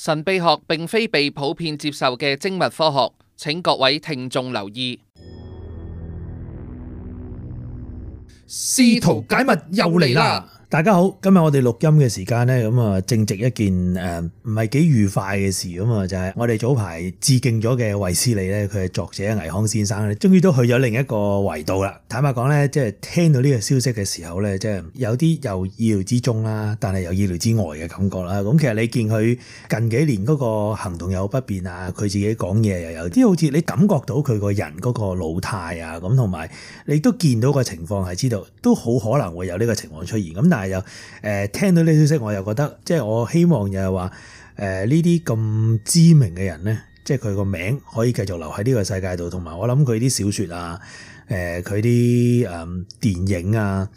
神秘學並非被普遍接受嘅精密科學，請各位聽眾留意。試圖解密又嚟啦！大家好，今日我哋錄音嘅時間咧，咁啊，正值一件誒唔係幾愉快嘅事啊嘛，就係我哋早排致敬咗嘅衛斯理咧，佢係作者倪匡先生咧，終於都去咗另一個維度啦。坦白講咧，即係聽到呢個消息嘅時候咧，即係有啲又意料之中啦，但係又意料之外嘅感覺啦。咁其實你見佢近幾年嗰個行動有不便啊，佢自己講嘢又有啲好似你感覺到佢個人嗰個老態啊，咁同埋你都見到個情況係知道都好可能會有呢個情況出現。咁但係又，誒聽到呢消息，我又覺得即係我希望又係話，誒呢啲咁知名嘅人咧，即係佢個名可以繼續留喺呢個世界度，同埋我諗佢啲小說啊，誒佢啲誒電影啊。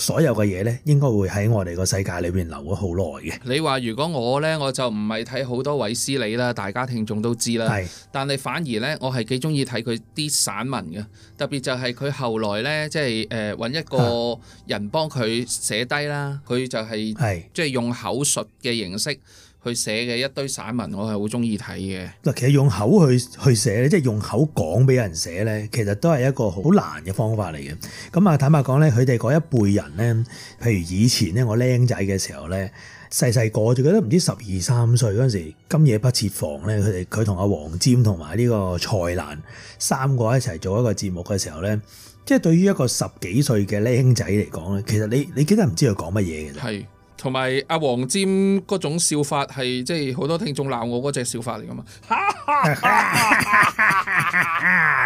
所有嘅嘢呢，應該會喺我哋個世界裏邊留咗好耐嘅。你話如果我呢，我就唔係睇好多衛斯理啦，大家聽眾都知啦。是但係反而呢，我係幾中意睇佢啲散文嘅，特別就係佢後來呢，即係揾一個人幫佢寫低啦，佢、啊、就係係即係用口述嘅形式。去寫嘅一堆散文，我係好中意睇嘅。嗱，其實用口去去寫咧，即係用口講俾人寫咧，其實都係一個好難嘅方法嚟嘅。咁啊，坦白講咧，佢哋嗰一輩人咧，譬如以前咧，我僆仔嘅時候咧，細細個就覺得唔知十二三歲嗰陣時，《今夜不設防》咧，佢哋佢同阿黃霑同埋呢個蔡瀾三個一齊做一個節目嘅時候咧，即係對於一個十幾歲嘅僆仔嚟講咧，其實你你記得唔知佢講乜嘢嘅啫。係同埋阿黃霑嗰種笑法係即係好多聽眾鬧我嗰隻笑法嚟㗎嘛，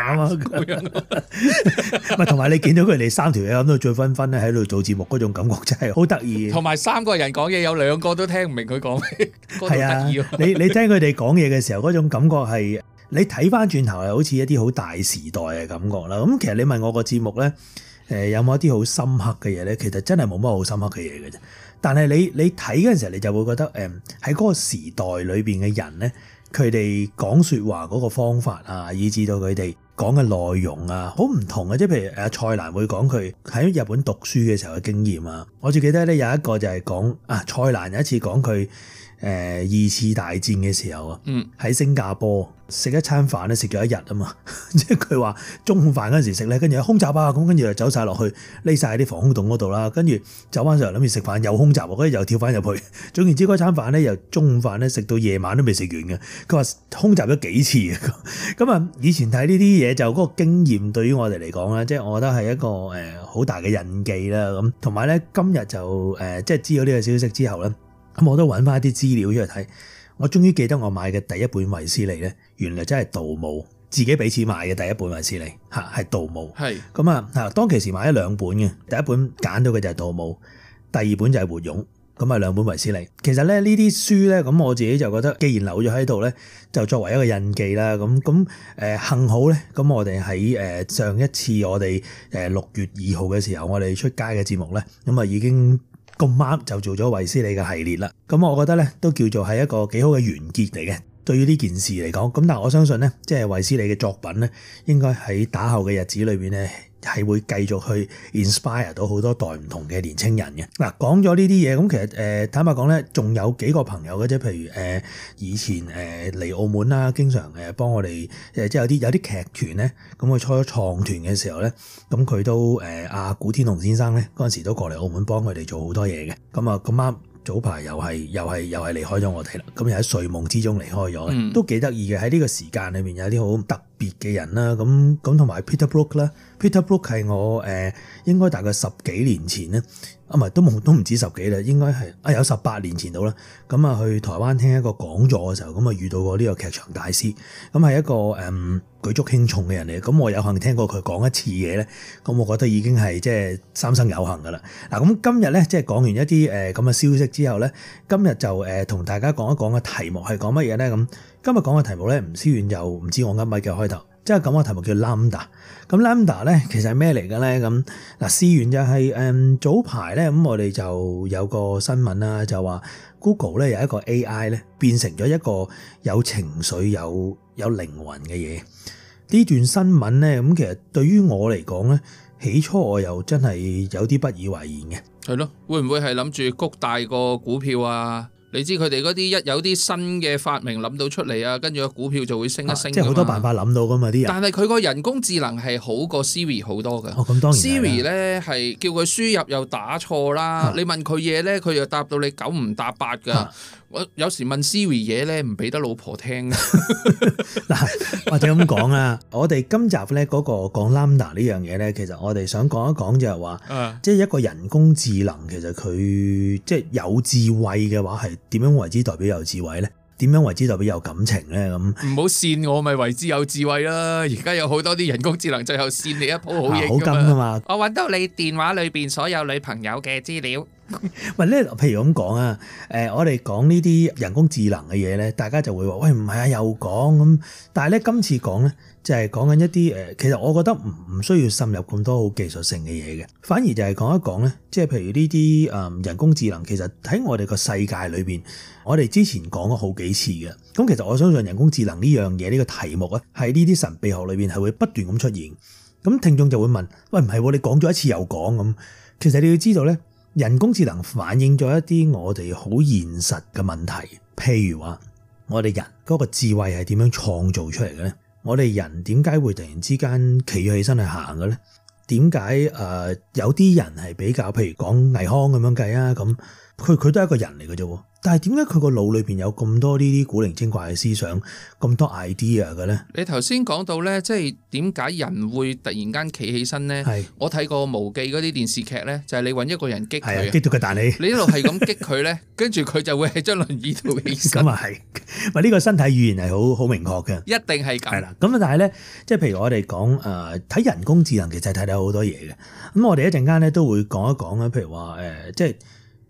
咁啊咁樣。同埋你見到佢哋三條友喺度醉醺醺喺度做節目嗰種感覺真係好得意。同埋三個人講嘢有兩個都聽唔明佢講咩，嗰度得意喎。係啊，你你聽佢哋講嘢嘅時候嗰種感覺係，你睇翻轉頭係好似一啲好大時代嘅感覺啦。咁其實你問我個節目咧，誒有冇一啲好深刻嘅嘢咧？其實真係冇乜好深刻嘅嘢嘅啫。但係你你睇嘅時候，你就會覺得誒喺嗰個時代裏面嘅人咧，佢哋講說話嗰個方法啊，以至到佢哋講嘅內容啊，好唔同啊。即係譬如誒蔡瀾會講佢喺日本讀書嘅時候嘅經驗啊，我就記得咧有一個就係講啊蔡瀾有一次講佢。誒二次大戰嘅時候啊，喺、嗯、新加坡食一餐飯咧，食咗一日啊嘛，即係佢話中午飯嗰陣時食咧，跟住空襲啊，咁跟住就走晒落去匿晒喺啲防空洞嗰度啦，跟住走翻上嚟諗住食飯又空襲，跟住又跳翻入去，總言之嗰餐飯咧由中午飯咧食到夜晚都未食完嘅。佢話空襲咗幾次咁啊 以前睇呢啲嘢就嗰、是、個經驗對於我哋嚟講咧，即、就、係、是、我覺得係一個誒好大嘅印記啦。咁同埋咧今日就即係、就是、知道呢個消息之後咧。咁我都揾翻一啲資料出嚟睇，我終於記得我買嘅第一本維斯利咧，原來真係盜墓。自己俾錢買嘅第一本維斯利吓，係盜墓。咁啊嚇，是當其時買咗兩本嘅，第一本揀到嘅就係盜墓，第二本就係活蛹。咁啊兩本維斯利，其實咧呢啲書咧，咁我自己就覺得，既然留咗喺度咧，就作為一個印記啦。咁咁誒，幸好咧，咁我哋喺上一次我哋誒六月二號嘅時候，我哋出街嘅節目咧，咁啊已經。咁啱就做咗維斯利嘅系列啦，咁我覺得咧都叫做係一個幾好嘅完結嚟嘅。對於呢件事嚟講，咁但係我相信咧，即係衛斯理嘅作品咧，應該喺打後嘅日子裏面咧，係會繼續去 inspire 到好多代唔同嘅年青人嘅。嗱，講咗呢啲嘢，咁其實誒坦白講咧，仲有幾個朋友嘅，即譬如誒以前誒嚟澳門啦，經常誒幫我哋即係有啲有啲劇團咧，咁佢初創團嘅時候咧，咁佢都誒阿古天龍先生咧，嗰陣時都過嚟澳門幫佢哋做好多嘢嘅。咁啊咁啱。早排又係又係又係離開咗我哋啦，咁又喺睡夢之中離開咗，嗯、都幾得意嘅，喺呢個時間裏面有啲好特別嘅人啦，咁咁同埋 Peter Brook 啦，Peter Brook 係我誒應該大概十幾年前咧。啊，唔係都冇，都唔止十幾啦，應該係啊，有十八年前到啦。咁啊，去台灣聽一個講座嘅時候，咁啊遇到過呢個劇場大師，咁係一個誒、嗯、舉足輕重嘅人嚟。咁我有幸聽過佢講一次嘢咧，咁我覺得已經係即係三生有幸噶啦。嗱，咁今日咧即係講完一啲誒咁嘅消息之後咧，今日就誒同大家講一講嘅題目係講乜嘢咧？咁今日講嘅題目咧，吳思遠又唔知我啱咪嘅開頭。即係咁，個題目叫 LaMDA。咁 LaMDA 咧，其實係咩嚟嘅咧？咁嗱，事源就係誒早排咧，咁、嗯、我哋就有個新聞啦，就話 Google 咧有一個 AI 咧變成咗一個有情緒、有有靈魂嘅嘢。呢段新聞咧，咁其實對於我嚟講咧，起初我又真係有啲不以為然嘅。係咯，會唔會係諗住谷大個股票啊？你知佢哋嗰啲一有啲新嘅發明諗到出嚟啊，跟住個股票就會升一升。啊、即係好多辦法諗到噶嘛啲人。但係佢個人工智能係好過 Siri 好多噶。咁、哦、當然。Siri 咧係叫佢輸入又打錯啦，啊、你問佢嘢咧，佢又答到你九唔搭八噶。啊。我有時問 Siri 嘢咧，唔俾得老婆聽。嗱 或者咁講啊，我哋今集咧嗰個講 LaMDA 呢樣嘢咧，其實我哋想講一講就係話，即係、uh. 一個人工智能，其實佢即係有智慧嘅話，係點樣為之代表有智慧咧？點樣為之代表有感情咧？咁唔好扇我咪為之有智慧啦！而家有好多啲人工智能最後扇你一鋪好嘢噶 嘛。我揾到你電話裏邊所有女朋友嘅資料。喂，咧， 譬如咁講啊，誒，我哋講呢啲人工智能嘅嘢咧，大家就會話喂，唔係啊，又講咁。但係咧，今次講咧就係講緊一啲誒，其實我覺得唔唔需要深入咁多好技術性嘅嘢嘅，反而就係講一講咧，即係譬如呢啲誒人工智能，其實喺我哋個世界裏邊，我哋之前講過好幾次嘅。咁其實我相信人工智能呢樣嘢呢個題目咧，喺呢啲神秘學裏邊係會不斷咁出現。咁聽眾就會問：喂，唔係你講咗一次又講咁？其實你要知道咧。人工智能反映咗一啲我哋好現實嘅問題，譬如話我哋人嗰個智慧係點樣創造出嚟嘅咧？我哋人點解會突然之間企起起身去行嘅咧？點解誒有啲人係比較譬如講倪康咁樣計啊咁？佢佢都係一個人嚟嘅啫，但係點解佢個腦裏邊有咁多呢啲古靈精怪嘅思想，咁多 idea 嘅咧？你頭先講到咧，即係點解人會突然間企起身咧？係是我睇過《無忌》嗰啲電視劇咧，就係、是、你搵一個人激佢，激到佢彈起，你一路係咁激佢咧，跟住佢就會係將輪椅度嘅起思。咁啊係，咪、這、呢個身體語言係好好明確嘅，一定係咁係啦。咁但係咧，即係譬如我哋講誒，睇、呃、人工智能，其實睇到好多嘢嘅。咁我哋一陣間咧都會講一講啊，譬如話誒、呃，即係。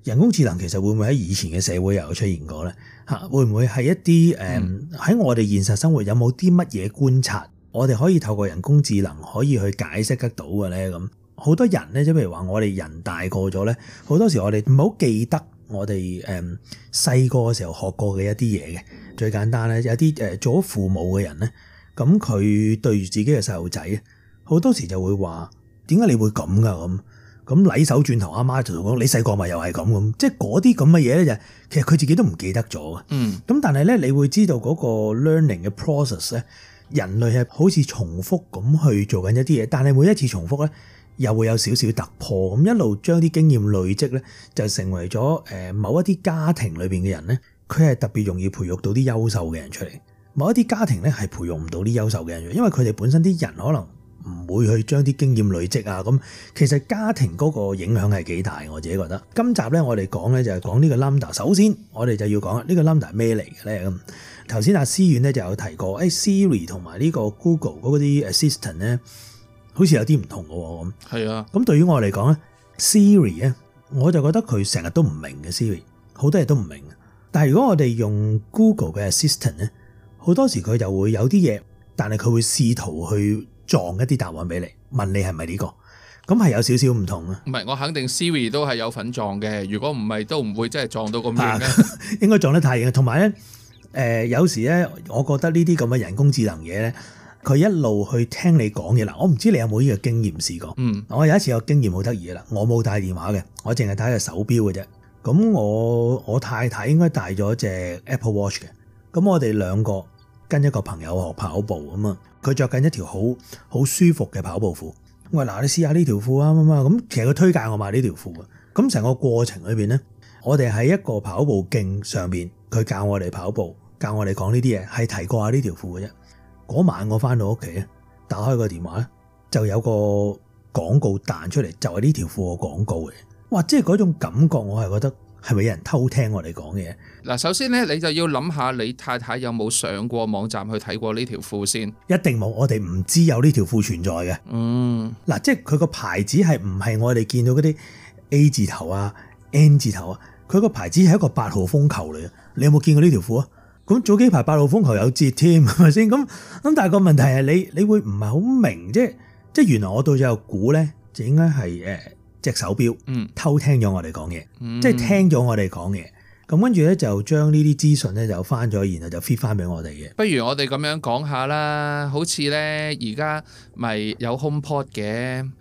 人工智能其實會唔會喺以前嘅社會又有出現過呢？嚇，會唔會係一啲誒喺我哋現實生活有冇啲乜嘢觀察，我哋可以透過人工智能可以去解釋得到嘅呢？咁好多人呢，即譬如話我哋人大個咗呢，好多時我哋唔好記得我哋誒細個嘅時候學過嘅一啲嘢嘅。最簡單咧，有啲誒做咗父母嘅人呢，咁佢對住自己嘅細路仔好多時就會話：點解你會咁噶咁？咁禮手轉頭，阿媽，媽就同我講：你細個咪又係咁咁，即係嗰啲咁嘅嘢咧，就其實佢自己都唔記得咗嘅。咁、嗯、但係咧，你會知道嗰個 learning 嘅 process 咧，人類係好似重複咁去做緊一啲嘢，但係每一次重複咧，又會有少少突破，咁一路將啲經驗累積咧，就成為咗誒某一啲家庭裏面嘅人咧，佢係特別容易培育到啲優秀嘅人出嚟。某一啲家庭咧係培育唔到啲優秀嘅人，因為佢哋本身啲人可能。唔會去將啲經驗累積啊！咁其實家庭嗰個影響係幾大，我自己覺得。今集咧，我哋講咧就係講呢個 LaMDA。首先，我哋就要講個呢個 LaMDA 咩嚟嘅咧？咁頭先阿思遠咧就有提過有，誒 Siri 同埋呢個 Google 嗰啲 Assistant 咧，好似有啲唔同嘅喎。咁係啊。咁對於我嚟講咧，Siri 咧，我就覺得佢成日都唔明嘅 Siri，好多嘢都唔明。但係如果我哋用 Google 嘅 Assistant 咧，好多時佢就會有啲嘢，但係佢會試圖去撞一啲答案俾你，問你係咪呢個？咁係有少少唔同啊。唔係，我肯定 Siri 都係有份撞嘅。如果唔係，都唔會真係撞到咁遠 應該撞得太型。同埋咧，誒、呃，有時咧，我覺得呢啲咁嘅人工智能嘢咧，佢一路去聽你講嘢嗱。我唔知你有冇呢個經驗試過？嗯，我有一次有經驗好得意啦。我冇帶電話嘅，我淨係帶隻手錶嘅啫。咁我我太太應該帶咗隻 Apple Watch 嘅。咁我哋兩個跟一個朋友學跑步啊嘛。佢着緊一條好好舒服嘅跑步褲，喂，嗱，你試下呢條褲啊，咁，其實佢推介我買呢條褲，咁成個過程裏邊呢，我哋喺一個跑步徑上邊，佢教我哋跑步，教我哋講呢啲嘢，係提過下呢條褲嘅啫。嗰晚我翻到屋企咧，打開個電話咧，就有個廣告彈出嚟，就係呢條褲嘅廣告嘅，哇！即係嗰種感覺，我係覺得。係咪有人偷聽我哋講嘢？嗱，首先咧，你就要諗下你太太有冇上過網站去睇過呢條褲先？一定冇，我哋唔知有呢條褲存在嘅。嗯，嗱，即係佢個牌子係唔係我哋見到嗰啲 A 字頭啊、N 字頭啊？佢個牌子係一個八號風球嚟嘅。你有冇見過呢條褲啊？咁早幾排八號風球有折添，係咪先？咁咁，但係個問題係你你會唔係好明，即係即係原來我對住估咧就應該係誒。隻手錶、嗯、偷聽咗我哋講嘢，嗯、即係聽咗我哋講嘢，咁跟住咧就將呢啲資訊咧就翻咗，然後就 fit 翻俾我哋嘅。不如我哋咁樣講下啦，好似咧而家咪有 HomePod 嘅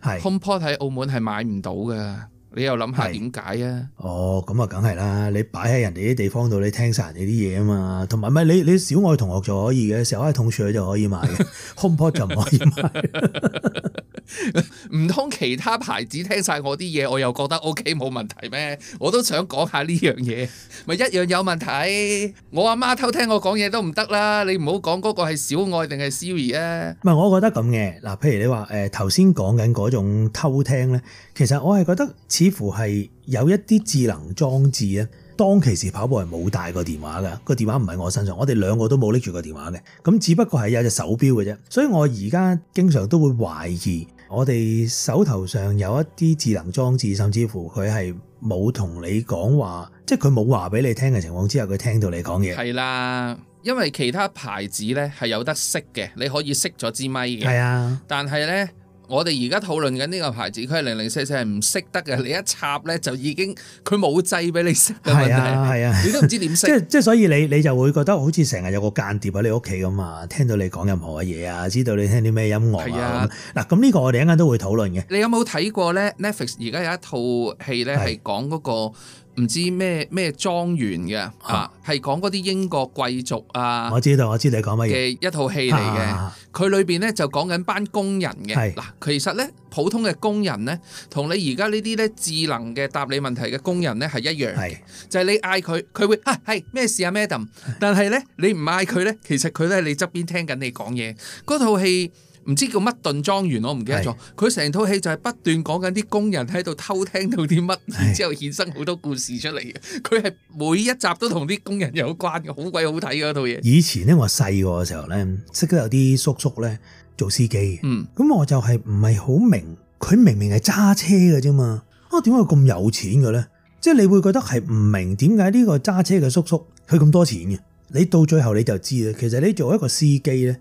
是，HomePod 喺澳門係買唔到噶。你又諗下點解啊？哦，咁啊，梗係啦！你擺喺人哋啲地方度，你聽晒人哋啲嘢啊嘛。同埋唔係你，你小愛同學就可以嘅，小愛同學就可以買 ，HomePod 就唔可以買。唔 通其他牌子聽晒我啲嘢，我又覺得 OK 冇問題咩？我都想講下呢樣嘢，咪一樣有問題。我阿媽偷聽我講嘢都唔得啦！你唔好講嗰個係小愛定係 Siri 啊？唔係，我覺得咁嘅嗱，譬如你話誒，頭先講緊嗰種偷聽咧。其實我係覺得似乎係有一啲智能裝置咧，當其時跑步係冇帶個電話㗎，個電話唔喺我身上，我哋兩個都冇拎住個電話嘅，咁只不過係有隻手錶嘅啫。所以我而家經常都會懷疑我哋手頭上有一啲智能裝置，甚至乎佢係冇同你講話，即係佢冇話俾你聽嘅情況之下，佢聽到你講嘢。係啦，因為其他牌子咧係有得熄嘅，你可以熄咗支咪嘅。係啊的，但係咧。我哋而家討論緊呢個牌子，佢係零零四四，係唔識得嘅，你一插咧就已經佢冇掣俾你識嘅問題，係啊，啊你都唔知點識。 即即所以你你就會覺得好似成日有個間諜喺你屋企咁啊，聽到你講任何嘢啊，知道你聽啲咩音樂啊咁。嗱咁呢個我哋一陣都會討論嘅。你有冇睇過咧 Netflix 而家有一套戲咧係講嗰個。唔知咩咩莊園嘅啊，係講嗰啲英國貴族啊，我知道，我知道你講乜嘢嘅一套戲嚟嘅。佢裏、啊、面咧就講緊班工人嘅。嗱，其實咧普通嘅工人咧，同你而家呢啲咧智能嘅答你問題嘅工人咧係一樣嘅，就係你嗌佢，佢會啊，係咩事啊 Madam，但係咧你唔嗌佢咧，其實佢都喺你側邊聽緊你講嘢。嗰套戲。唔知叫乜頓莊園，我唔記得咗。佢成套戲就係不斷講緊啲工人喺度偷聽到啲乜，然是之後衍生好多故事出嚟嘅。佢係每一集都同啲工人有關嘅，好鬼好睇嗰套嘢。以前咧，我細個嘅時候咧，識得有啲叔叔咧做司機。嗯，咁我就係唔係好明，佢明明係揸車㗎啫嘛。啊，點解咁有錢嘅咧？即係你會覺得係唔明點解呢個揸車嘅叔叔佢咁多錢嘅？你到最後你就知啦。其實你做一個司機咧。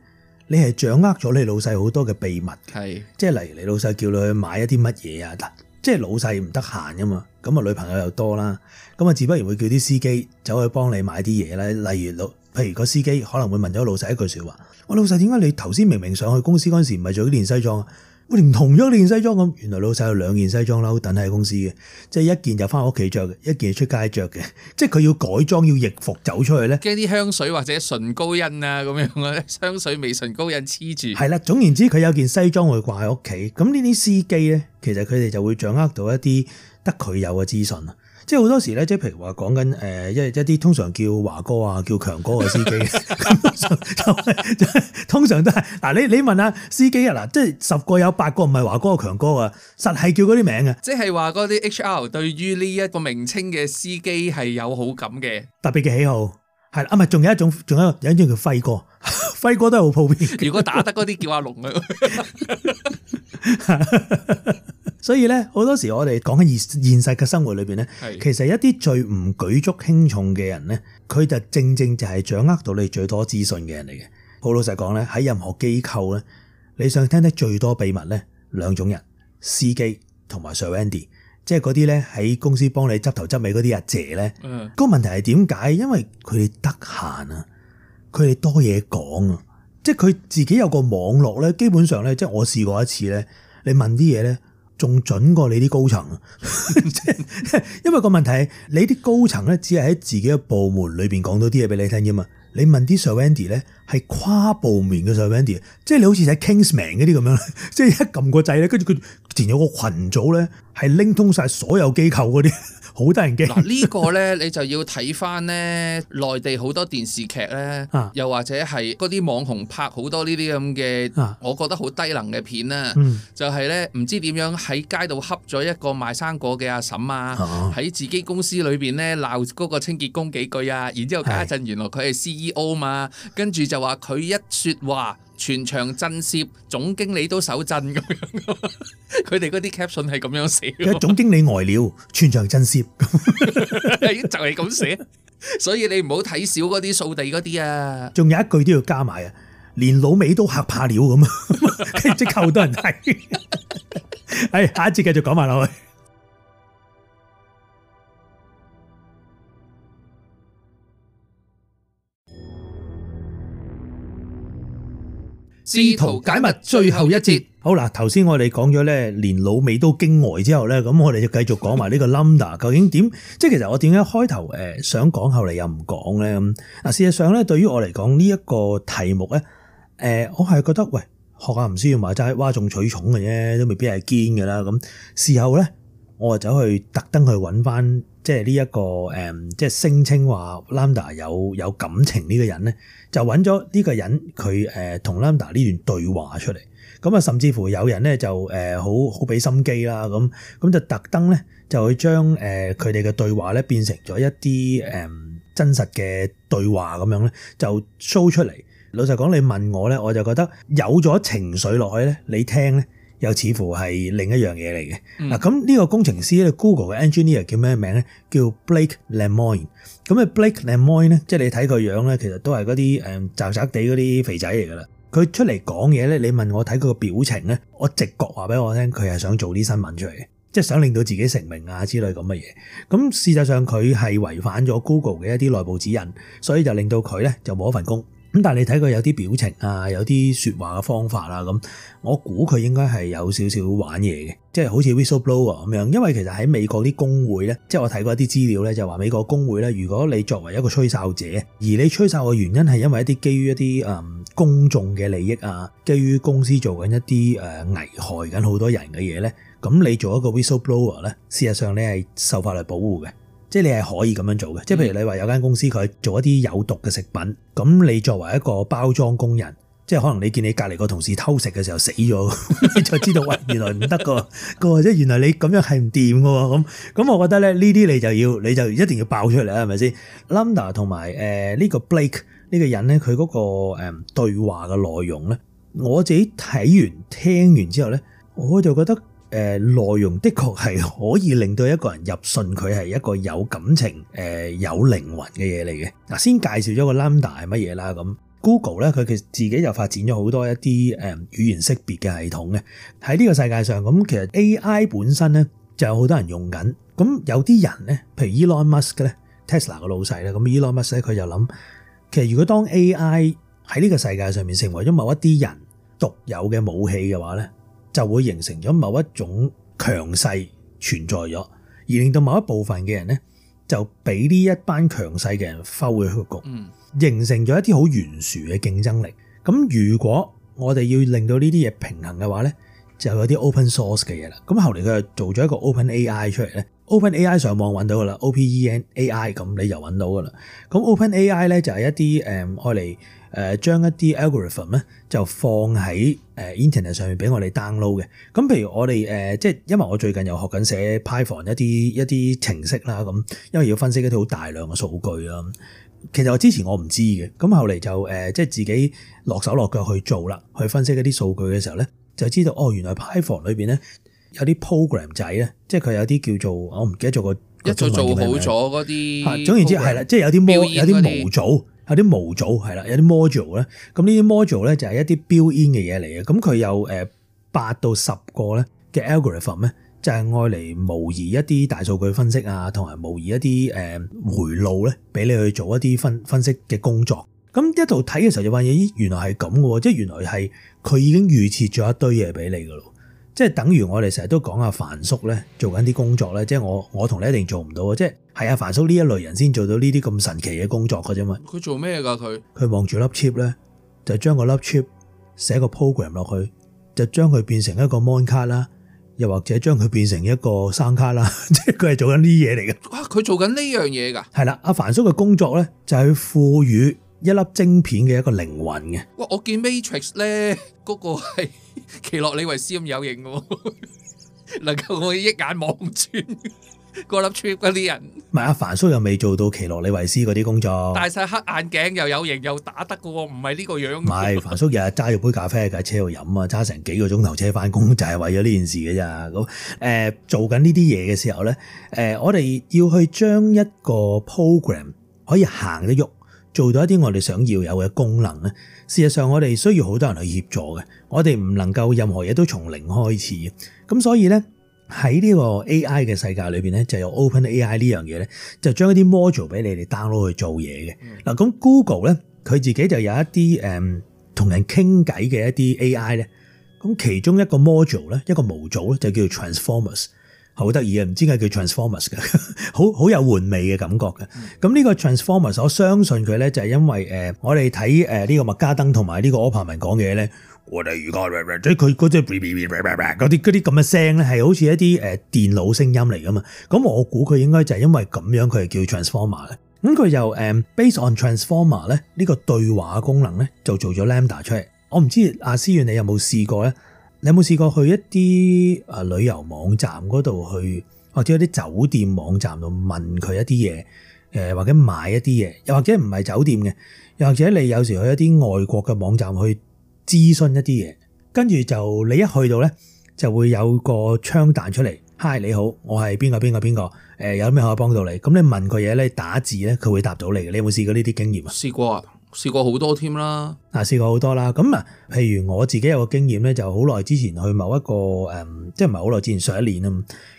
你係掌握咗你老細好多嘅秘密。係即係例如你老細叫你去買一啲乜嘢啊，即係老細唔得閒噶嘛，咁啊女朋友又多啦，咁啊自不然會叫啲司機走去幫你買啲嘢啦。例如老，譬如個司機可能會問咗老細一句說話：喂，老細點解你頭先明明上去公司嗰時唔係著嗰件西裝？我連同樣一件西裝咁，原來老細有兩件西裝褸等喺公司嘅，即係一件就翻屋企着嘅，一件出街着嘅，即係佢要改裝要易服走出去咧。驚啲香水或者唇膏印啊咁樣啊，香水味、唇膏印黐住。係啦，總言之，佢有件西裝會掛喺屋企。咁呢啲司機咧，其實佢哋就會掌握到一啲得佢有嘅資訊啊。即係好多時咧，即係譬如話講緊誒，一一啲通常叫華哥啊、叫強哥嘅司機， 通常都係嗱，你你問下司機啊，嗱，即係十個有八個唔係華哥啊、強哥啊，實係叫嗰啲名啊，即係話嗰啲 HR 對於呢一個名稱嘅司機係有好感嘅，特別嘅喜好係啦。啊，咪？仲有一種，仲有有一種叫輝哥，輝哥都係好普遍。如果打得嗰啲叫阿龍啊。 所以咧，好多時候我哋講喺現現實嘅生活裏面咧，其實一啲最唔舉足輕重嘅人咧，佢就正正就係掌握到你最多資訊嘅人嚟嘅。好老實講咧，喺任何機構咧，你想聽得最多秘密咧，兩種人：司機同埋 s i r a n d y 即係嗰啲咧喺公司幫你執頭執尾嗰啲阿姐咧。個問題係點解？因為佢哋得閒啊，佢哋多嘢講啊，即係佢自己有個網絡咧。基本上咧，即係我試過一次咧，你問啲嘢咧。仲準過你啲高層，即係因為個問題你啲高層咧，只係喺自己嘅部門裏面講到啲嘢俾你聽啫嘛。你問啲 survey 呢，係跨部門嘅 survey，即係你好似睇 Kingsman 嗰啲咁樣，即係一撳個掣咧，跟住佢前有個群組咧，係拎通晒所有機構嗰啲。好得人驚！嗱，呢個呢，你就要睇翻呢，內地好多電視劇呢，啊、又或者係嗰啲網紅拍好多呢啲咁嘅，啊、我覺得好低能嘅片啦、啊。嗯、就係呢，唔知點樣喺街度恰咗一個賣生果嘅阿嬸啊，喺、啊、自己公司裏邊呢鬧嗰個清潔工幾句啊，然之後家陣原來佢係 CEO 啊嘛，跟住是就話佢一説話。全場震懾，總經理都手震咁樣的，佢哋嗰啲 caption 係咁樣寫，總經理呆、呃、了，全場震懾， 就係咁寫，所以你唔好睇少嗰啲掃地嗰啲啊，仲有一句都要加埋啊，連老尾都吓怕了咁啊，即係靠多人睇，誒， 下一節繼續講埋落去。試圖解密最後一節，好啦，頭先我哋講咗咧，連老美都驚呆之後咧，咁我哋就繼續講埋呢個 LaMDA，究竟點？即係其實我點解開頭誒想講，後嚟又唔講咧？咁嗱，事實上咧，對於我嚟講呢一個題目咧，誒，我係覺得喂，學生唔需要埋齋嘩眾取寵嘅啫，都未必係堅噶啦。咁事後咧，我就走去特登去揾翻。即係呢一個誒，即係聲稱話 LaMDA 有有感情呢個人咧，就揾咗呢個人佢誒同 LaMDA 呢段對話出嚟。咁啊，甚至乎有人咧就誒好好俾心機啦，咁咁就特登咧就去將誒佢哋嘅對話咧變成咗一啲誒真實嘅對話咁樣咧，就 show 出嚟。老實講，你問我咧，我就覺得有咗情緒落去咧，你聽咧。又似乎係另一樣嘢嚟嘅嗱，咁呢、嗯、個工程師咧，Google 嘅 engineer 叫咩名咧？叫 Blake Lemoine。咁啊 Blake Lemoine 咧，即係你睇佢樣咧，其實都係嗰啲誒紮紮地嗰啲肥仔嚟㗎啦。佢出嚟講嘢咧，你問我睇佢個表情咧，我直覺話俾我聽，佢係想做啲新聞出嚟嘅，即係想令到自己成名啊之類咁嘅嘢。咁事實上佢係違反咗 Google 嘅一啲內部指引，所以就令到佢咧就冇咗份工。咁但係你睇佢有啲表情啊，有啲說話嘅方法啦、啊，咁我估佢應該係有少少玩嘢嘅，即係好似 whistleblower 咁樣。因為其實喺美國啲工會咧，即係我睇過一啲資料咧，就話美國工會咧，如果你作為一個吹哨者，而你吹哨嘅原因係因為一啲基於一啲誒、嗯、公眾嘅利益啊，基於公司做緊一啲誒、呃、危害緊好多人嘅嘢咧，咁你做一個 whistleblower 咧，事實上你係受法律保護嘅。即係你係可以咁樣做嘅，即係譬如你話有間公司佢做一啲有毒嘅食品，咁你作為一個包裝工人，即係可能你見你隔籬個同事偷食嘅時候死咗， 你就知道，喂，原來唔得㗎個，或者原來你咁樣係唔掂嘅喎，咁，咁我覺得咧，呢啲你就要，你就一定要爆出嚟啦，係咪先？LaMDA 同埋誒呢個 Blake 呢個人咧，佢嗰個誒對話嘅內容咧，我自己睇完聽完之後咧，我就覺得。誒內容的確係可以令到一個人入信佢係一個有感情、誒有靈魂嘅嘢嚟嘅。嗱，先介紹咗個 LaMDA 係乜嘢啦咁。Google 咧，佢其實自己又發展咗好多一啲誒語言識別嘅系統嘅。喺呢個世界上，咁其實 AI 本身咧就有好多人用緊。咁有啲人咧，譬如 Elon Musk 咧，Tesla 個老細咧，咁 Elon Musk 咧佢就諗，其實如果當 AI 喺呢個世界上面成為咗某一啲人獨有嘅武器嘅話咧。就會形成咗某一種強勢存在咗，而令到某一部分嘅人呢，就俾呢一班強勢嘅人浮去佈局，形成咗一啲好懸殊嘅競爭力。咁如果我哋要令到呢啲嘢平衡嘅話呢，就有啲 open source 嘅嘢啦。咁後嚟佢又做咗一個 open AI 出嚟呢，open AI 上網揾到噶啦 OP，open AI 咁你又揾到噶啦。咁 open AI 呢，就係一啲誒愛嚟。誒將一啲 algorithm 咧就放喺 internet 上面俾我哋 download 嘅。咁譬如我哋誒即係因為我最近又學緊寫 Python 一啲一啲程式啦，咁因為要分析一啲好大量嘅數據啊。其實我之前我唔知嘅，咁後嚟就誒即係自己落手落腳去做啦，去分析一啲數據嘅時候咧，就知道哦原來 Python 裏面咧有啲 program 仔咧，即係佢有啲叫做我唔記得做個一做做好咗嗰啲，總言之係啦，即係有啲有啲模組。有啲模組係啦，有啲 module 咧，咁呢啲 module 咧就係一啲 built-in 嘅嘢嚟嘅，咁佢有誒八到十個咧嘅 algorithm 咧，就係愛嚟模擬一啲大數據分析啊，同埋模擬一啲誒回路咧，俾你去做一啲分分析嘅工作。咁一度睇嘅時候就話咦，原來係咁嘅喎，即係原來係佢已經預設咗一堆嘢俾你㗎咯。即係等於我哋成日都講阿凡叔咧做緊啲工作咧，即係我我同你一定做唔到啊！即係係 阿凡叔呢一類人先做到呢啲咁神奇嘅工作㗎啫嘛。佢做咩噶佢？佢望住粒 chip 咧，就將個粒 chip 寫個 program 落去，就將佢變成一個 mon 卡啦，又或者將佢變成一個聲卡啦，即係佢係做緊呢啲嘢嚟嘅。哇！佢做緊呢樣嘢㗎？係啦，阿凡叔嘅工作咧就係賦予一粒晶片嘅一個靈魂嘅，我見 Matrix 咧，嗰個係奇洛李維斯咁有型嘅， 能夠可以一眼望穿嗰粒 chip 嗰啲人。唔係阿凡叔又未做到奇洛李維斯嗰啲工作，戴晒黑眼鏡又有型又打得嘅喎，唔係呢個樣。唔係，凡叔日日揸住杯咖啡喺架車度飲啊，揸成幾個鐘頭車翻工就係為咗呢件事嘅咋。咁誒，做緊呢啲嘢嘅時候咧，誒，我哋要去將一個 program 可以行得喐，做到一啲我哋想要有嘅功能咧，事實上我哋需要好多人去協助嘅，我哋唔能夠任何嘢都從零開始嘅。咁所以咧喺呢個 AI 嘅世界裏邊咧，就有 OpenAI 呢樣嘢咧，就將一啲 module 俾你哋 download 去做嘢嘅。嗱咁 Google 咧，佢自己就有一啲誒同人傾偈嘅一啲 AI 咧，咁其中一個 module 咧，一個模組咧，就叫做 Transformers。好得意，唔知點解叫 transformers 嘅，好 好有玩味嘅感覺嘅。咁呢、嗯、個 transformers，我相信佢咧就係因為誒、呃，我哋睇誒呢個麥加登同埋呢個 oper 文講嘢咧，我哋而家即係佢嗰啲嗰啲咁嘅聲咧，係好似一啲誒電腦聲音嚟噶嘛。咁我估佢應該就係因為咁樣、er，佢係叫 transformer 嘅。咁佢又誒，based on transformer 咧，呢、呢個對話功能咧就做咗 lambda 出嚟。我唔知阿思遠你有冇試過咧？你有冇試過去一啲誒旅遊網站嗰度去，或者一啲酒店網站度問佢一啲嘢，誒或者買一啲嘢，又或者唔係酒店嘅，又或者你有時去一啲外國嘅網站去諮詢一啲嘢，跟住就你一去到咧就會有個槍彈出嚟，Hi 你好，我係邊個邊個邊個，誒有咩可以幫到你？咁你問佢嘢咧打字咧，佢會答到你嘅。你有冇試過呢啲經驗？試過啊。試過好多添啦，啊，啊，試過好多啦。咁啊，譬如我自己有個經驗咧，就好耐之前去某一個誒，即係唔係好耐之前，上一年啊。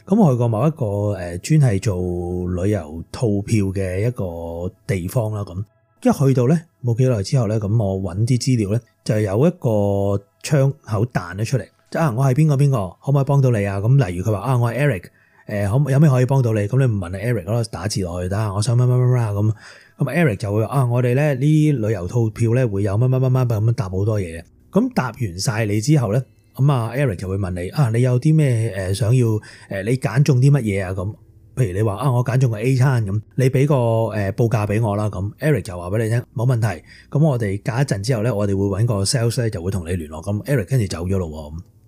咁我去過某一個誒，專係做旅遊套票嘅一個地方啦。咁一去到咧，冇幾耐之後咧，咁我揾啲資料咧，就有一個窗口彈咗出嚟，啊，我係邊個邊個，可唔可以幫到你啊？咁例如佢話啊，我係 Eric，誒，可有咩可以幫到你？咁你唔問 Eric 嗰度打字落去下，我想乜乜乜乜咁。咁 Eric 就會啊，我哋咧呢啲旅遊套票咧會有乜乜乜乜，咁樣答好多嘢。咁答完晒你之後咧，咁啊，Eric 就會問你啊，你有啲咩誒想要誒？你揀中啲乜嘢啊？咁譬如你話啊，我揀中個 A 餐咁，你俾個誒報價俾我啦。咁 Eric 就話俾你聽，冇問題。咁我哋隔一陣之後咧，我哋會揾個 sales 咧就會同你聯絡。咁 Eric 跟住走咗咯。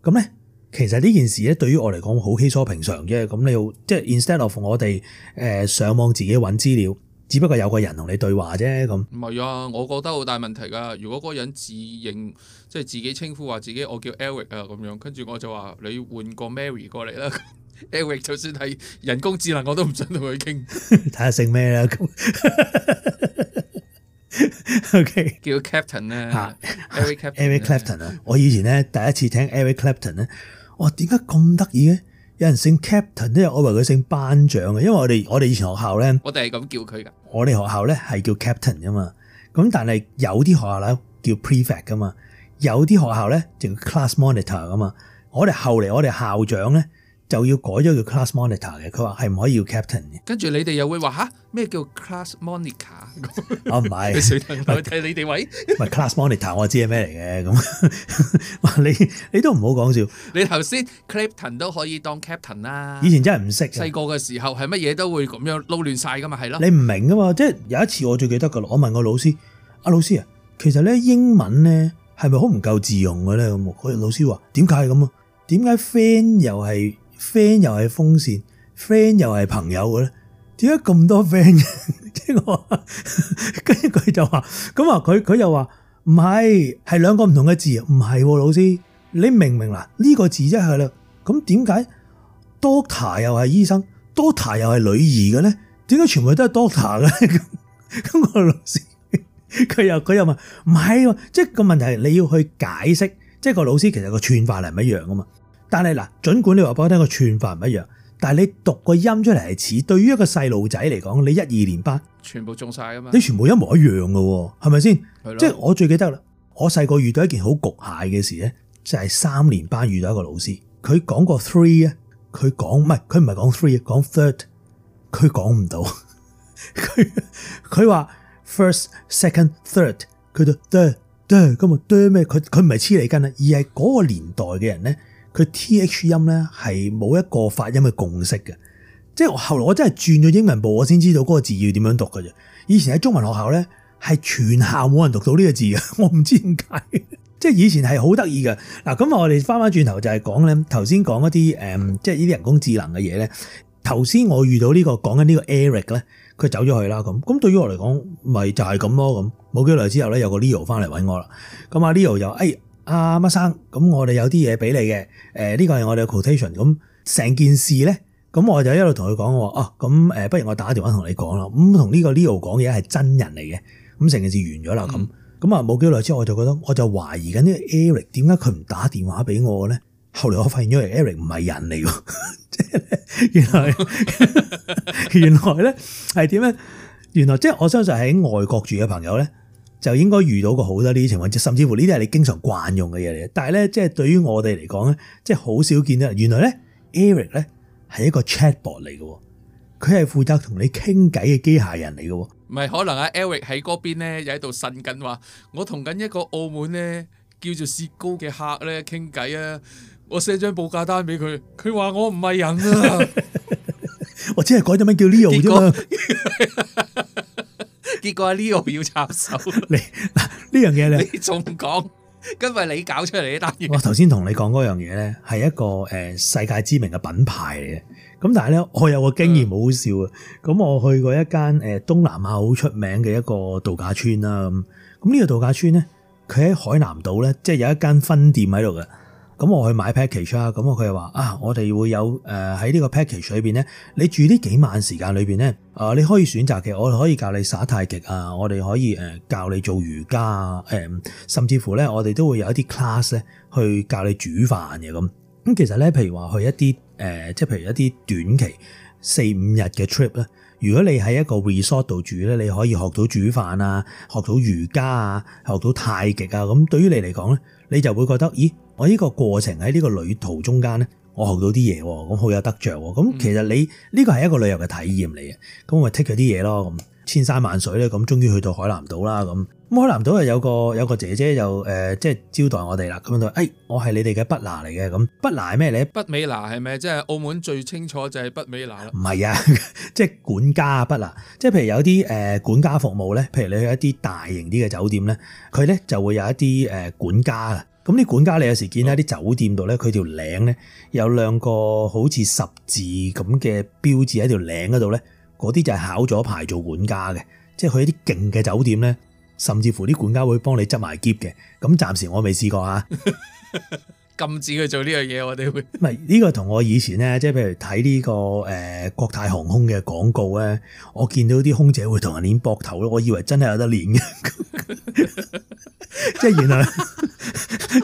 咁咁咧，其實呢件事咧對於我嚟講好稀疏平常啫。咁你要，即係 instead of 我哋誒上網自己揾資料。只不過有個人同你對話啫，咁。唔係啊，我覺得好大問題㗎。如果嗰人自認即係自己稱呼話自己我叫 Eric 啊，咁樣跟住我就話你換個 Mary 過嚟啦。 Eric 就算係人工智能，我都唔想同佢傾。睇下 姓咩啦。咁。OK，叫 Eric Captain 啦，啊。Eric Clapton 啊， 我以前咧第一次聽 Eric Clapton 咧，哇點解咁得意嘅？有人姓 captain？因為我以為佢姓班長嘅，因為我哋我哋以前學校咧，我哋係咁叫佢噶。我哋學校咧係叫 captain 噶嘛，咁但係有啲學校咧叫 prefect 噶嘛，有啲學校咧就叫 class monitor 噶嘛。我哋後嚟我哋校長咧就要改咗叫 class monitor 嘅，佢話係唔可以叫 captain 嘅。跟住你哋又會話吓！」咩叫 class monitor 我唔係，睇 你哋位。唔係 class monitor 我知係咩嚟嘅咁。你你都唔好講笑。你頭先 Clapton 都可以當 captain 啦，啊。以前真係唔識，細個嘅時候係乜嘢都會咁樣撈亂晒㗎嘛，係咯。你唔明㗎嘛？即係有一次我最記得㗎咯。我問個老師：阿老師啊，其實咧英文咧係咪好唔夠自用嘅咧？老師話：點解係咁啊？點解 friend 又係 friend 又係風扇 friend 又係朋友嘅咧？點解咁多 friend？跟住我，跟住佢就話：咁啊，佢佢又話唔係，係兩個唔同嘅字。唔係、啊，老師，你明明嗱呢個字真係啦，咁點解 Doctor 又係醫生，Doctor 又係女兒嘅咧？點解全部都係 Doctor 嘅咧？咁 我老師佢又佢又問：唔係、啊，即係個問題係你要去解釋，即係個老師其實個串法係唔一樣啊嘛！但係嗱，儘管你話俾我聽，個串法唔一樣。但係你讀個音出嚟係似，對於一個細路仔嚟講，你一二年班，全部中晒噶嘛？你全部一模一樣噶，係咪先？對的即係我最記得啦，我細個遇到一件好焗蟹嘅事咧，就係、是、三年班遇到一個老師，佢講過 three 啊。佢講唔係，佢唔係講 three，講 third，佢講唔到，佢佢話 first second, third,、second、third，佢就 the t h 咁啊咩？佢佢唔係黐脷根啦，而係嗰個年代嘅人咧。佢 T H 音咧係冇一個發音嘅共識嘅，即係我後來我真係轉咗英文部，我先知道嗰個字要點樣讀嘅啫。以前喺中文學校咧，係全校冇人讀到呢個字嘅，我唔知點解。即係以前係好得意嘅嗱。咁我哋翻返轉頭就係講咧，頭先講一啲誒，即係呢啲人工智能嘅嘢咧。頭先我遇到呢個講緊呢個 Eric 咧，佢走咗去啦。咁咁對於我嚟講，咪就係咁咯。咁冇幾耐之後咧，有個 Leo 翻嚟揾我啦。咁阿 Leo 又誒。阿乜、啊、生，咁我哋有啲嘢俾你嘅，誒呢個係我哋嘅 quotation，咁成件事咧，咁我就一路同佢講話，哦、啊，咁不如我打電話同你講啦，咁同呢個 Leo 講嘢係真人嚟嘅，咁成件事完咗啦，咁，咁啊冇幾耐之後，我就覺得，我就懷疑緊呢個 Eric，點解佢唔打電話俾我呢？咧？後嚟我發現咗，Eric 唔係人嚟喎 來， 原來原來咧係點咧？原來即係我相信喺外國住嘅朋友咧。就應該遇到過好多呢啲情況，甚至乎呢啲係你經常慣用嘅嘢嚟嘅。但係咧，即係對於我哋嚟講咧，即係好少見啫。原來咧，Eric 咧係一個 chatbot 嚟嘅，佢係負責同你傾偈嘅機械人嚟嘅。唔係，可能阿 Eric 喺嗰邊咧又喺度呻緊話，我同緊一個澳門咧叫做雪糕嘅客咧傾偈啊！我寫張報價單俾佢，佢話我唔係人啊， 我只係改咗名叫 Leo 啫結果 結果呢個要插手 你你， 你呢樣嘢咧？你仲講，因為你搞出嚟呢單嘢。我頭先同你講嗰樣嘢咧，係一個誒世界知名嘅品牌嚟嘅。咁但係咧，我有個經驗，好好笑啊！咁我去過一間誒東南亞好出名嘅一個度假村啦。咁咁呢個度假村咧，佢喺海南島咧，即係有一間分店喺度嘅。咁我去買 package 啦。咁我佢又話啊，我哋會有誒喺呢個 package 裏邊咧，你住呢幾晚時間裏邊咧，啊、呃、你可以選擇嘅，我哋可以教你耍太極啊，我哋可以誒、呃、教你做瑜伽啊，誒、呃、甚至乎咧我哋都會有一啲 class 咧去教你煮飯嘅咁。咁其實咧，譬如話去一啲誒，即、呃、係譬如一啲短期四五日嘅 trip 咧，如果你喺一個 resort 度住咧，你可以學到煮飯啊，學到瑜伽啊，學到太極啊，咁、啊、對於你嚟講咧，你就會覺得咦？我呢個過程喺呢個旅途中間呢，我學到啲嘢，咁好有得著喎。咁其實你呢個係一個旅遊嘅體驗嚟嘅，咁、嗯、我咪 take 咗啲嘢咯。咁千山萬水咧，咁終於去到海南島啦。咁咁海南島又有個有個姐姐就誒，即、呃、係、就是、招待我哋啦。咁佢話：我係你哋嘅畢拿嚟嘅。咁畢拿咩你「畢美拿」係咩？即係澳門最清楚就係畢美拿」是。啦。唔係啊，即係管家啊，畢拿。即、就、係、是、譬如有啲誒、呃、管家服務呢，譬如你去一啲大型啲嘅酒店呢，佢呢就會有一啲、呃、管家啊。咁啲管家你有時見喺啲酒店度咧，佢條領咧有兩個好似十字咁嘅標誌喺條領嗰度咧，嗰啲就係考咗牌做管家嘅，即係去一啲勁嘅酒店咧，甚至乎啲管家會幫你執埋篋嘅。咁暫時我未試過啊， 禁止佢做呢樣嘢，我哋會唔係呢個同我以前咧，即係譬如睇呢、呢個誒、呃、國泰航空嘅廣告咧，我見到啲空姐會同人攆膊頭咯，我以為真係有得攆嘅， 即係原來。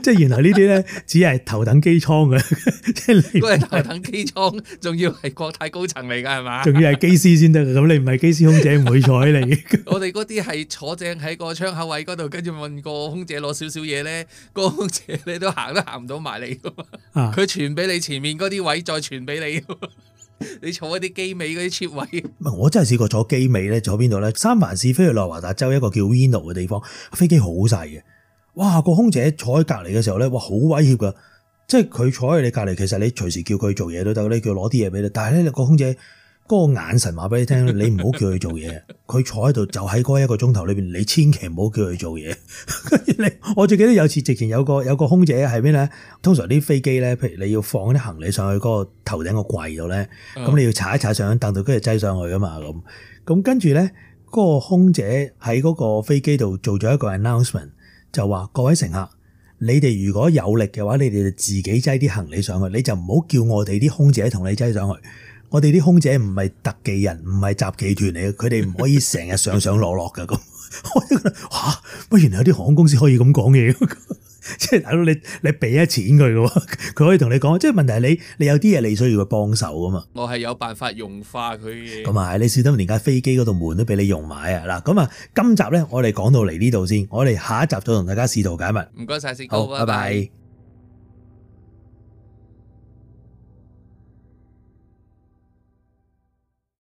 即係 原來這些呢啲咧，只係頭等機艙嘅，即係你係頭等機艙，仲 要係國泰高層嚟噶係嘛？仲要係機師先得，咁 你唔係機師空姐唔會坐喺你。 我哋嗰啲係坐正喺個窗口位嗰度，跟住問個空姐攞少少嘢咧，個空姐你都行都行唔到埋嚟噶。佢傳俾你前面嗰啲位，再傳俾你。 你坐喺啲機尾嗰啲切位，唔係，我真係試過坐機尾咧，坐邊度咧？三藩市飛去內華達州一個叫 Veno 嘅地方，飛機好細嘅。哇！個空姐坐喺隔離嘅時候咧，哇好威脅噶，即係佢坐喺你隔離，其實你隨時叫佢做嘢都得你叫攞啲嘢俾你。但係咧，個空姐嗰個眼神話俾你聽， 你唔好叫佢做嘢。佢坐喺度就喺嗰一個鐘頭裏面，你千祈唔好叫佢做嘢。跟住你，我最記得有次直情有個有個空姐係咩咧？通常啲飛機咧，譬如你要放啲行李上去嗰個頭頂個櫃度咧，咁、嗯、你要踩一踩上凳到跟住擠上去噶嘛咁。咁跟住咧，嗰、那個空姐喺嗰個飛機度做咗一個 announcement。就話各位乘客，你哋如果有力嘅話，你哋就自己擠啲行李上去，你就唔好叫我哋啲空姐同你擠上去。我哋啲空姐唔係特技人，唔係雜技團嚟嘅，佢哋唔可以成日上上落落㗎。咁我覺得嘩，不過原來有啲航空公司可以咁講嘢。即係大佬， 你你俾一錢佢嘅，佢可以同你講，即係問題係你你有啲嘢你需要佢幫手㗎嘛。我係有辦法融化佢嘅。咁啊，你試得連架飛機嗰度門都俾你融埋啊！嗱，咁啊，今集咧我哋講到嚟呢度先，我哋下一集再同大家試圖解密。唔該晒先，哥，好，拜拜。拜拜